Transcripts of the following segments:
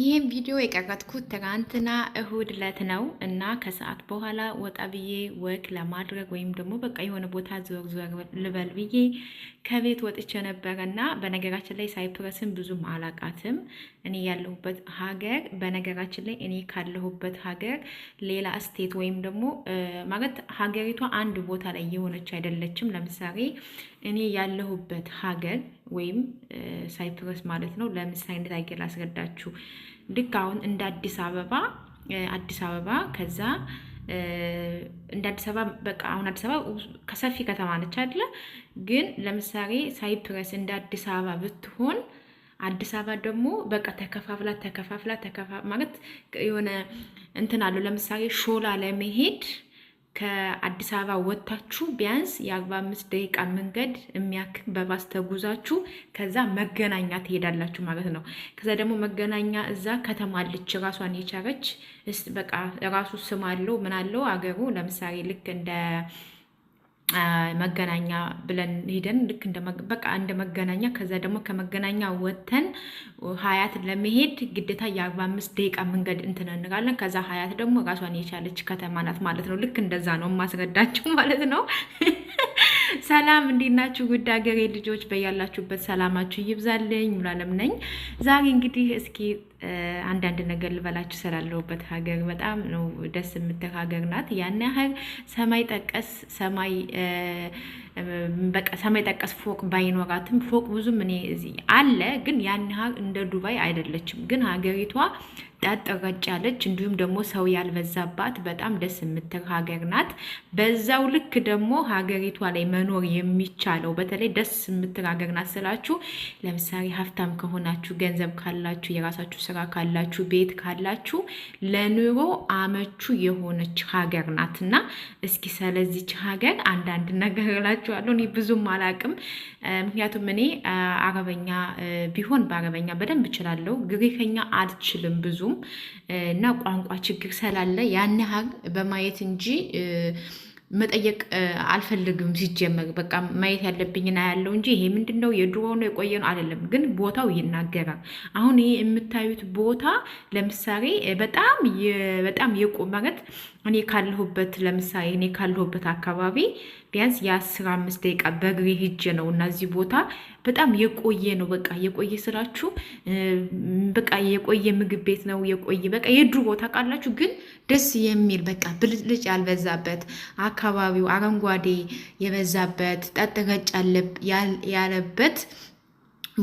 ይህም ቪዲዮ የቀረጥኩት ትናንትና እሁድ ዕለት ነው እና ከሰዓት በኋላ ወጣ ብዬ ወክ ለማድረግ ወይም ደግሞ በቃ የሆነ ቦታ ዞር ዞር ልበል ብዬ ከቤት ወጥቼ ነበረ እና በነገራችን ላይ ሳይፕረስን ብዙም አላቃትም። እኔ ያለሁበት ሀገር በነገራችን ላይ እኔ ካለሁበት ሀገር ሌላ ስቴት ወይም ደግሞ ማለት ሀገሪቷ አንድ ቦታ ላይ የሆነች አይደለችም። ለምሳሌ እኔ ያለሁበት ሀገር ወይም ሳይፕረስ ማለት ነው። ለምሳሌነት አየር ላስረዳችሁ ልክ አሁን እንደ አዲስ አበባ አዲስ አበባ ከዛ እንደ አዲስ አበባ በቃ አሁን አዲስ አበባ ከሰፊ ከተማ ነች አይደለ? ግን ለምሳሌ ሳይፕረስ እንደ አዲስ አበባ ብትሆን አዲስ አበባ ደግሞ በቃ ተከፋፍላ ተከፋፍላ ተከፋ ማለት የሆነ እንትን አለው። ለምሳሌ ሾላ ለመሄድ ከአዲስ አበባ ወጥታችሁ ቢያንስ የአርባ አምስት ደቂቃ መንገድ የሚያክል በባስ ተጉዛችሁ ከዛ መገናኛ ትሄዳላችሁ ማለት ነው። ከዛ ደግሞ መገናኛ እዛ ከተማ አለች ራሷን የቻረች በቃ ራሱ ስም አለው ምን አለው አገሩ ለምሳሌ ልክ እንደ መገናኛ ብለን ሄደን ልክ በቃ እንደ መገናኛ ከዛ ደግሞ ከመገናኛ ወተን ሀያት ለመሄድ ግዴታ የአርባ አምስት ደቂቃ መንገድ እንትን እንጋለን። ከዛ ሀያት ደግሞ ራሷን የቻለች ከተማ ናት ማለት ነው። ልክ እንደዛ ነው የማስረዳቸው ማለት ነው። ሰላም እንዴት ናችሁ? ውድ ሀገሬ ልጆች በያላችሁበት ሰላማችሁ ይብዛልኝ። ሙሉዓለም ነኝ። ዛሬ እንግዲህ እስኪ አንዳንድ ነገር ልበላችሁ። ስላለሁበት ሀገር በጣም ነው ደስ የምትል ሀገር ናት። ያን ያህል ሰማይ ጠቀስ ሰማይ በቃ ሰማይ ጠቀስ ፎቅ ባይኖራትም ፎቅ ብዙም እኔ እዚህ አለ፣ ግን ያን እንደ ዱባይ አይደለችም። ግን ሀገሪቷ ረጭ ያለች እንዲሁም ደግሞ ሰው ያልበዛባት በጣም ደስ የምትል ሀገር ናት። በዛው ልክ ደግሞ ሀገሪቷ ላይ መኖር የሚቻለው በተለይ ደስ የምትል ሀገር ናት ስላችሁ፣ ለምሳሌ ሀብታም ከሆናችሁ፣ ገንዘብ ካላችሁ፣ የራሳችሁ ስራ ካላችሁ፣ ቤት ካላችሁ ለኑሮ አመቹ የሆነች ሀገር ናት እና እስኪ ስለዚች ሀገር አንዳንድ ነገር ላችሁ እላችኋለሁ። እኔ ብዙም አላቅም፣ ምክንያቱም እኔ አረበኛ ቢሆን በአረበኛ በደንብ እችላለሁ። ግሪከኛ አልችልም ብዙም እና ቋንቋ ችግር ስላለ ያን ያህል በማየት እንጂ መጠየቅ አልፈልግም። ሲጀመር በቃ ማየት ያለብኝና ያለው እንጂ ይሄ ምንድን ነው የድሮ ነው የቆየ ነው አይደለም። ግን ቦታው ይናገራል። አሁን ይሄ የምታዩት ቦታ ለምሳሌ በጣም በጣም የቆ ማለት እኔ ካለሁበት ለምሳሌ እኔ ካለሁበት አካባቢ ቢያንስ የአስር አምስት ደቂቃ በእግሬ ሂጄ ነው እና እዚህ ቦታ በጣም የቆየ ነው። በቃ የቆየ ስላችሁ በቃ የቆየ ምግብ ቤት ነው። የቆየ በቃ የድሮ ቃላችሁ፣ ግን ደስ የሚል በቃ ብልጭልጭ ያልበዛበት አካባቢው አረንጓዴ የበዛበት ጠጥ ረጭ ያለበት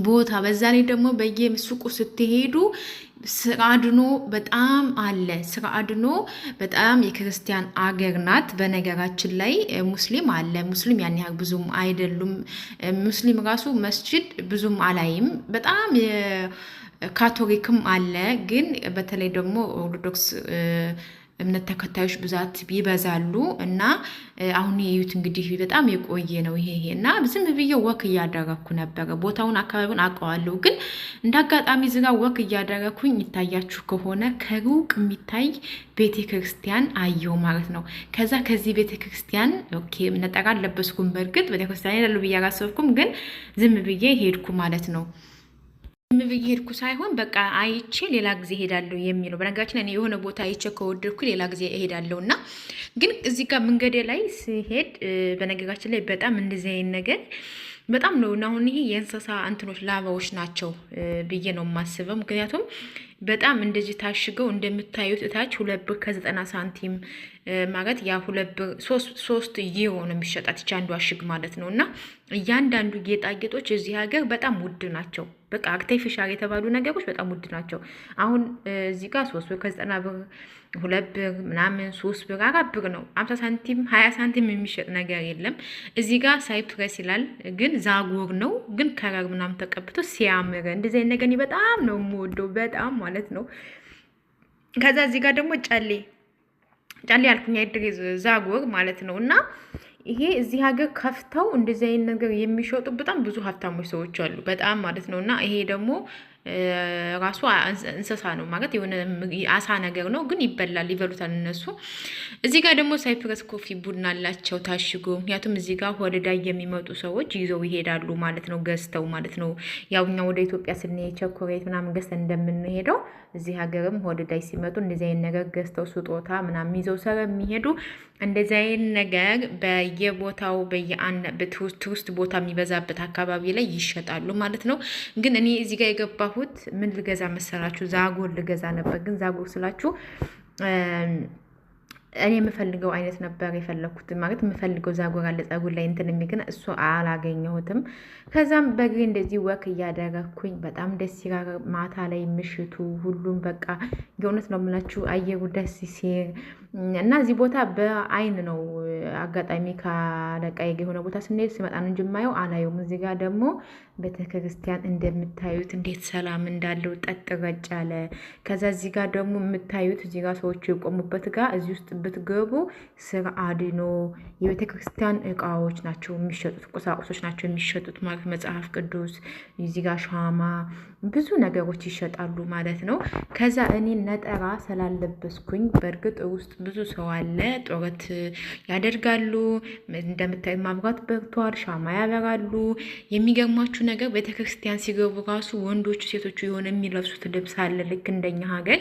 ቦታ በዛ ላይ ደግሞ በየሱቁ ስትሄዱ ስራ አድኖ በጣም አለ። ስራ አድኖ በጣም የክርስቲያን አገር ናት። በነገራችን ላይ ሙስሊም አለ። ሙስሊም ያን ያህል ብዙም አይደሉም። ሙስሊም ራሱ መስጅድ ብዙም አላይም። በጣም ካቶሊክም አለ። ግን በተለይ ደግሞ ኦርቶዶክስ እምነት ተከታዮች ብዛት ይበዛሉ እና አሁን የዩት እንግዲህ በጣም የቆየ ነው ይሄ ይሄ እና ዝም ብዬ ወክ እያደረግኩ ነበረ። ቦታውን አካባቢውን አውቀዋለሁ፣ ግን እንደ አጋጣሚ ዝጋ ወክ እያደረግኩኝ ይታያችሁ ከሆነ ከሩቅ የሚታይ ቤተ ክርስቲያን አየው ማለት ነው። ከዛ ከዚህ ቤተ ክርስቲያን ኦኬ ነጠቃ አለበስኩም። በእርግጥ ቤተ ክርስቲያን ሄዳለሁ ብዬ አላሰብኩም፣ ግን ዝም ብዬ ሄድኩ ማለት ነው። የምብዬ ሄድኩ ሳይሆን በቃ አይቼ ሌላ ጊዜ እሄዳለሁ የሚለው በነገራችን እኔ የሆነ ቦታ አይቼ ከወደድኩ ሌላ ጊዜ እሄዳለሁ እና ግን እዚህ ጋር መንገዴ ላይ ሲሄድ በነገራችን ላይ በጣም እንደዚህ አይነት ነገር በጣም ነው እና አሁን ይሄ የእንስሳ እንትኖች ላባዎች ናቸው ብዬ ነው የማስበው። ምክንያቱም በጣም እንደዚህ ታሽገው እንደምታዩት እታች ሁለት ብር ከዘጠና ሳንቲም ማለት ያ ሁለት ብር ሶስት ዩሮ ነው የሚሸጣት ይች አንዱ አሽግ ማለት ነው። እና እያንዳንዱ ጌጣጌጦች እዚህ ሀገር በጣም ውድ ናቸው። በቃ አርቴፊሻል የተባሉ ነገሮች በጣም ውድ ናቸው። አሁን እዚህ ጋር ሶስት ብር ከዘጠና ብር ሁለት ብር ምናምን ሶስት ብር አራት ብር ነው። አምሳ ሳንቲም ሀያ ሳንቲም የሚሸጥ ነገር የለም። እዚህ ጋር ሳይፕረስ ይላል ግን ዛጎር ነው። ግን ከረር ምናምን ተቀብቶ ሲያምር እንደዚህ አይነት ነገር በጣም ነው የምወደው በጣም ማለት ነው። ከዛ እዚህ ጋር ደግሞ ጨሌ ጨሌ ያልኩኝ አይደል ዛጎር ማለት ነው እና ይሄ እዚህ ሀገር ከፍተው እንደዚህ አይነት ነገር የሚሸጡ በጣም ብዙ ሀብታሞች ሰዎች አሉ። በጣም ማለት ነው እና ይሄ ደግሞ ራሱ እንስሳ ነው ማለት የሆነ አሳ ነገር ነው፣ ግን ይበላል፣ ይበሉታል እነሱ። እዚህ ጋር ደግሞ ሳይፕረስ ኮፊ ቡና አላቸው ታሽጎ። ምክንያቱም እዚህ ጋር ወደዳ የሚመጡ ሰዎች ይዘው ይሄዳሉ ማለት ነው፣ ገዝተው ማለት ነው። ያው እኛ ወደ ኢትዮጵያ ስንሄድ ቸኮሌት ምናምን ገዝተን እንደምንሄደው እዚህ ሀገርም ወደዳይ ሲመጡ እንደዚህ አይነት ነገር ገዝተው ስጦታ ምናምን ይዘው የሚሄዱ እንደዚህ አይነት ነገር በየቦታው በየአንድ ቱሪስት ቦታ የሚበዛበት አካባቢ ላይ ይሸጣሉ ማለት ነው። ግን እኔ እዚህ ጋር የገባሁ ያልኩት ምን ልገዛ መሰላችሁ? ዛጎል ልገዛ ነበር። ግን ዛጎል ስላችሁ እኔ የምፈልገው አይነት ነበር የፈለግኩት ማለት የምፈልገው ዛጎር አለ ጸጉር ላይ እንትን ግን እሱ አላገኘሁትም። ከዛም በእግሬ እንደዚህ ወክ እያደረግኩኝ በጣም ደስ ይላል። ማታ ላይ ምሽቱ ሁሉም በቃ የእውነት ነው የምላችሁ አየሩ ደስ ሲል እና እዚህ ቦታ በአይን ነው አጋጣሚ ካለቃይ የሆነ ቦታ ስንሄድ ሲመጣ ነው እንጂ የማየው አላየውም። እዚህ ጋር ደግሞ ቤተክርስቲያን እንደምታዩት እንዴት ሰላም እንዳለው ጠጥ ረጭ ያለ ከዛ እዚህ ጋር ደግሞ የምታዩት እዚህ ጋር ሰዎቹ የቆሙበት ጋር እዚህ ውስጥ ብትገቡ ስር አድኖ የቤተ ክርስቲያን እቃዎች ናቸው የሚሸጡት፣ ቁሳቁሶች ናቸው የሚሸጡት ማለት መጽሐፍ ቅዱስ እዚህ ጋር ሻማ፣ ብዙ ነገሮች ይሸጣሉ ማለት ነው። ከዛ እኔ ነጠራ ስላለበስኩኝ በእርግጥ ውስጥ ብዙ ሰው አለ፣ ጦረት ያደርጋሉ። እንደምታዩ ማብራት በርቷል፣ ሻማ ያበራሉ። የሚገርማችሁ ነገር ቤተ ክርስቲያን ሲገቡ ራሱ ወንዶቹ ሴቶቹ የሆነ የሚለብሱት ልብስ አለ ልክ እንደኛ ሀገር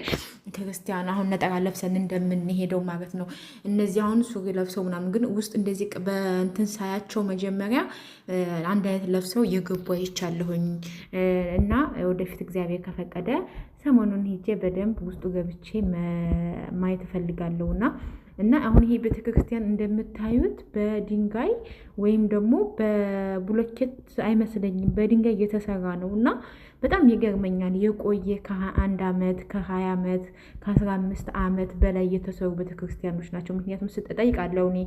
ክርስቲያን አሁን ነጠራ ለብሰን እንደምንሄደው ማለት ማለት ነው። እነዚህ አሁን ሱሪ ለብሰው ምናምን ግን ውስጥ እንደዚህ በእንትን ሳያቸው መጀመሪያ አንድ አይነት ለብሰው የገቡ አይቻለሁኝ እና ወደፊት እግዚአብሔር ከፈቀደ ሰሞኑን ሄጄ በደንብ ውስጡ ገብቼ ማየት እፈልጋለሁ እና እና አሁን ይሄ ቤተክርስቲያን እንደምታዩት በድንጋይ ወይም ደግሞ በብሎኬት አይመስለኝም፣ በድንጋይ እየተሰራ ነው እና በጣም ይገርመኛል። የቆየ ከአንድ ዓመት ከሀያ ዓመት ከአስራ አምስት ዓመት በላይ የተሰሩ ቤተክርስቲያኖች ናቸው። ምክንያቱም ስጠይቃለሁ እኔ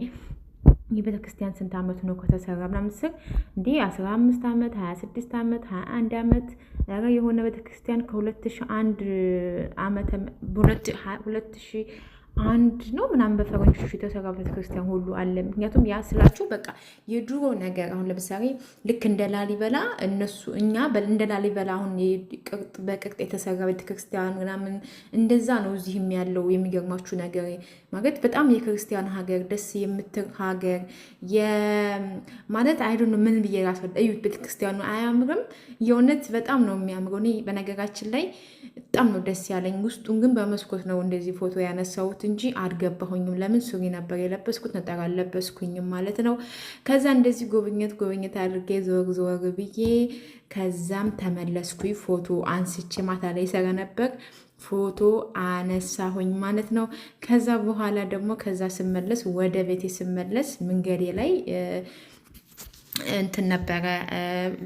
የቤተ ክርስቲያን ስንት ዓመት ነው ከተሰራ ምናምን ስር እንዲህ አስራ አምስት ዓመት ሀያ ስድስት ዓመት ሀያ አንድ ዓመት ኧረ የሆነ ቤተክርስቲያን ከሁለት ሺ አንድ ዓመተ ሁለት ሺ አንድ ነው ምናምን በፈረንጆቹ የተሰራ ቤተክርስቲያን ሁሉ አለ። ምክንያቱም ያ ስላችሁ በቃ የድሮ ነገር አሁን ለምሳሌ ልክ እንደ ላሊበላ እነሱ እኛ እንደ ላሊበላ አሁን በቅርጥ የተሰራ ቤተክርስቲያን ምናምን እንደዛ ነው። እዚህም ያለው የሚገርማችሁ ነገር ማለት በጣም የክርስቲያን ሀገር ደስ የምትር ሀገር ማለት ነው። ምን ብዬ እዩት። ቤተክርስቲያኑ አያምርም? የእውነት በጣም ነው የሚያምረው። በነገራችን ላይ በጣም ነው ደስ ያለኝ። ውስጡን ግን በመስኮት ነው እንደዚህ ፎቶ ያነሳው። አሰብኩት እንጂ አልገባሁኝም። ለምን ሱሪ ነበር የለበስኩት፣ ነጠላ አለበስኩኝም ማለት ነው። ከዛ እንደዚህ ጉብኝት ጉብኝት አድርጌ ዘወር ዘወር ብዬ ከዛም ተመለስኩኝ። ፎቶ አንስቼ ማታ ላይ ሰረ ነበር ፎቶ አነሳሁኝ ማለት ነው። ከዛ በኋላ ደግሞ ከዛ ስመለስ ወደ ቤቴ ስመለስ መንገዴ ላይ እንትን ነበረ።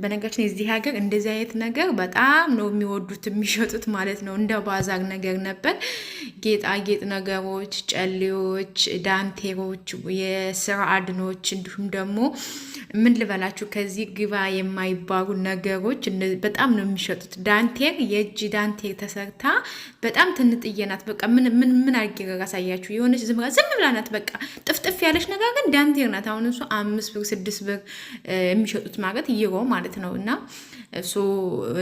በነገራችን የዚህ ሀገር እንደዚህ አይነት ነገር በጣም ነው የሚወዱት የሚሸጡት ማለት ነው። እንደ ባዛር ነገር ነበር። ጌጣጌጥ ነገሮች፣ ጨሌዎች፣ ዳንቴሮች፣ የስራ አድኖች እንዲሁም ደግሞ ምን ልበላችሁ ከዚህ ግባ የማይባሉ ነገሮች በጣም ነው የሚሸጡት። ዳንቴር የእጅ ዳንቴር ተሰርታ በጣም ትንጥዬ ናት። በቃ ምን ምን አድርጌ አሳያችሁ? የሆነች ዝም ዝም ብላ ናት። በቃ ጥፍጥፍ ያለች ነገር ግን ዳንቴር ናት። አሁን እሱ አምስት ብር ስድስት ብር የሚሸጡት ማለት ይሮ ማለት ነው እና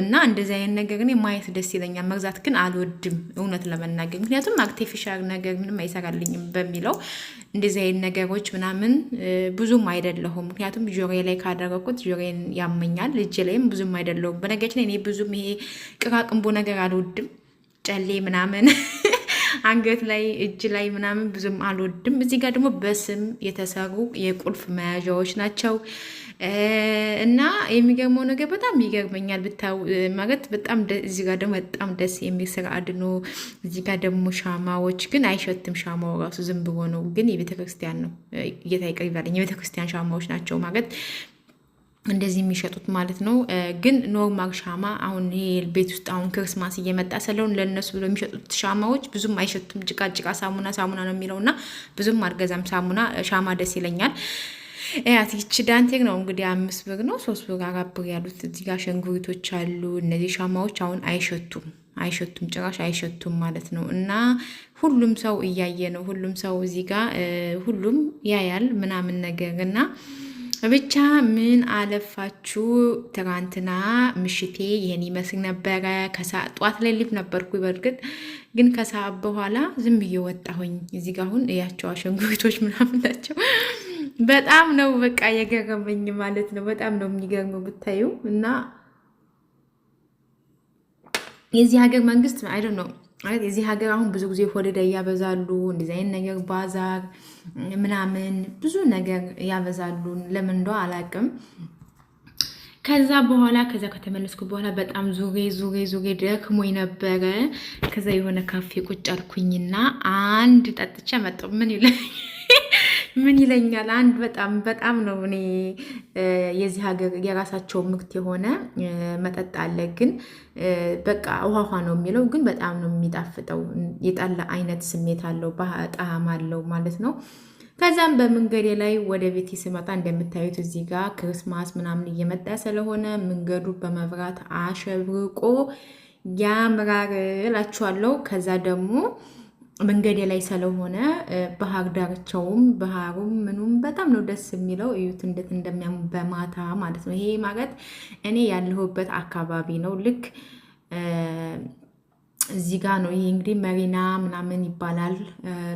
እና እንደዚህ አይነት ነገር እኔ ማየት ደስ ይለኛል። መግዛት ግን አልወድም እውነት ለመናገር ምክንያቱም አርቲፊሻል ነገር ምንም አይሰራልኝም በሚለው እንደዚህ አይነት ነገሮች ምናምን ብዙም አይደለሁም። ምክንያቱም ጆሬ ላይ ካደረግኩት ጆሬን ያመኛል፣ እጅ ላይም ብዙም አይደለሁም። በነገራችን እኔ ብዙም ይሄ ቅራቅንቦ ነገር አልወድም፣ ጨሌ ምናምን አንገት ላይ እጅ ላይ ምናምን ብዙም አልወድም። እዚህ ጋር ደግሞ በስም የተሰሩ የቁልፍ መያዣዎች ናቸው። እና የሚገርመው ነገር በጣም ይገርመኛል ማለት በጣም እዚህ ጋር ደግሞ በጣም ደስ የሚል ስራ አድኖ እዚህ ጋር ደግሞ ሻማዎች ግን አይሸትም። ሻማው ራሱ ዝም ብሎ ነው፣ ግን የቤተክርስቲያን ነው። ጌታ ይቅር ይበለኝ። የቤተክርስቲያን ሻማዎች ናቸው ማለት እንደዚህ የሚሸጡት ማለት ነው። ግን ኖርማል ሻማ አሁን ይሄ ቤት ውስጥ አሁን ክርስማስ እየመጣ ስለሆን ለእነሱ ብሎ የሚሸጡት ሻማዎች ብዙም አይሸቱም። ጭቃ ጭቃ ሳሙና ሳሙና ነው የሚለው እና ብዙም አልገዛም ሳሙና ሻማ ደስ ይለኛል። ያት ይቺ ዳንቴግ ነው እንግዲህ አምስት ብር ነው ሶስት በግ አራት ብር ያሉት እዚህ ጋር ሸንጉሪቶች አሉ። እነዚህ ሻማዎች አሁን አይሸቱም አይሸቱም ጭራሽ አይሸቱም ማለት ነው። እና ሁሉም ሰው እያየ ነው። ሁሉም ሰው እዚህ ጋር ሁሉም ያያል ምናምን ነገር እና ብቻ ምን አለፋችሁ ትናንትና ምሽቴ ይህን ይመስል ነበረ። ከሰዓት ጧት ላይ ሊብ ነበርኩ በእርግጥ ግን ከሰዓት በኋላ ዝም ብዬ ወጣሁኝ። እዚህ ጋር አሁን እያቸው አሸንጉሪቶች ምናምን ናቸው። በጣም ነው በቃ የገረመኝ ማለት ነው። በጣም ነው የሚገርመው ብታዩ እና የዚህ ሀገር መንግስት አይ ነው የዚህ ሀገር አሁን ብዙ ጊዜ ሆደዳ ያበዛሉ፣ እንደዚህ አይነት ነገር ባዛር ምናምን ብዙ ነገር ያበዛሉ። ለምን እንደው አላውቅም። ከዛ በኋላ ከዛ ከተመለስኩ በኋላ በጣም ዙሬ ዙሬ ዙሬ ደክሞኝ ነበረ። ከዛ የሆነ ካፌ ቁጭ አልኩኝና አንድ ጠጥቼ መጣሁ። ምን ይለኛል ምን ይለኛል? አንድ በጣም በጣም ነው እኔ የዚህ ሀገር የራሳቸው ምርት የሆነ መጠጥ አለ፣ ግን በቃ ውሃ ነው የሚለው፣ ግን በጣም ነው የሚጣፍጠው። የጠላ አይነት ስሜት አለው፣ ጣዕም አለው ማለት ነው። ከዛም በመንገዴ ላይ ወደ ቤት ስመጣ እንደምታዩት እዚህ ጋር ክርስማስ ምናምን እየመጣ ስለሆነ መንገዱ በመብራት አሸብርቆ ያምራር እላችኋለሁ። ከዛ ደግሞ መንገድ ላይ ስለሆነ ባህር ዳርቻውም ባህሩም ምኑም በጣም ነው ደስ የሚለው። እዩት እንዴት እንደሚያም በማታ ማለት ነው። ይሄ ማለት እኔ ያለሁበት አካባቢ ነው ልክ እዚህ ጋር ነው። ይሄ እንግዲህ መሪና ምናምን ይባላል፣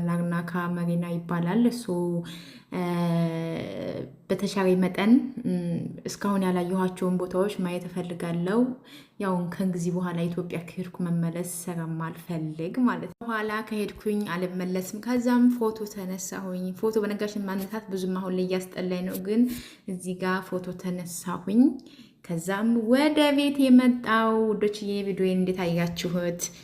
ላርናካ መሪና ይባላል። እሱ በተሻለ መጠን እስካሁን ያላየኋቸውን ቦታዎች ማየት እፈልጋለሁ። ያውን ከእንግዲህ በኋላ ኢትዮጵያ ከሄድኩ መመለስ ስለማልፈልግ ማለት ነው። በኋላ ከሄድኩኝ አልመለስም። ከዛም ፎቶ ተነሳሁኝ። ፎቶ በነጋሽን ማንሳት ብዙም አሁን ላይ እያስጠላኝ ነው፣ ግን እዚህ ጋር ፎቶ ተነሳሁኝ። ከዛም ወደ ቤት የመጣው ውዶችዬ፣ ቪዲዮ እንዴት አያችሁት?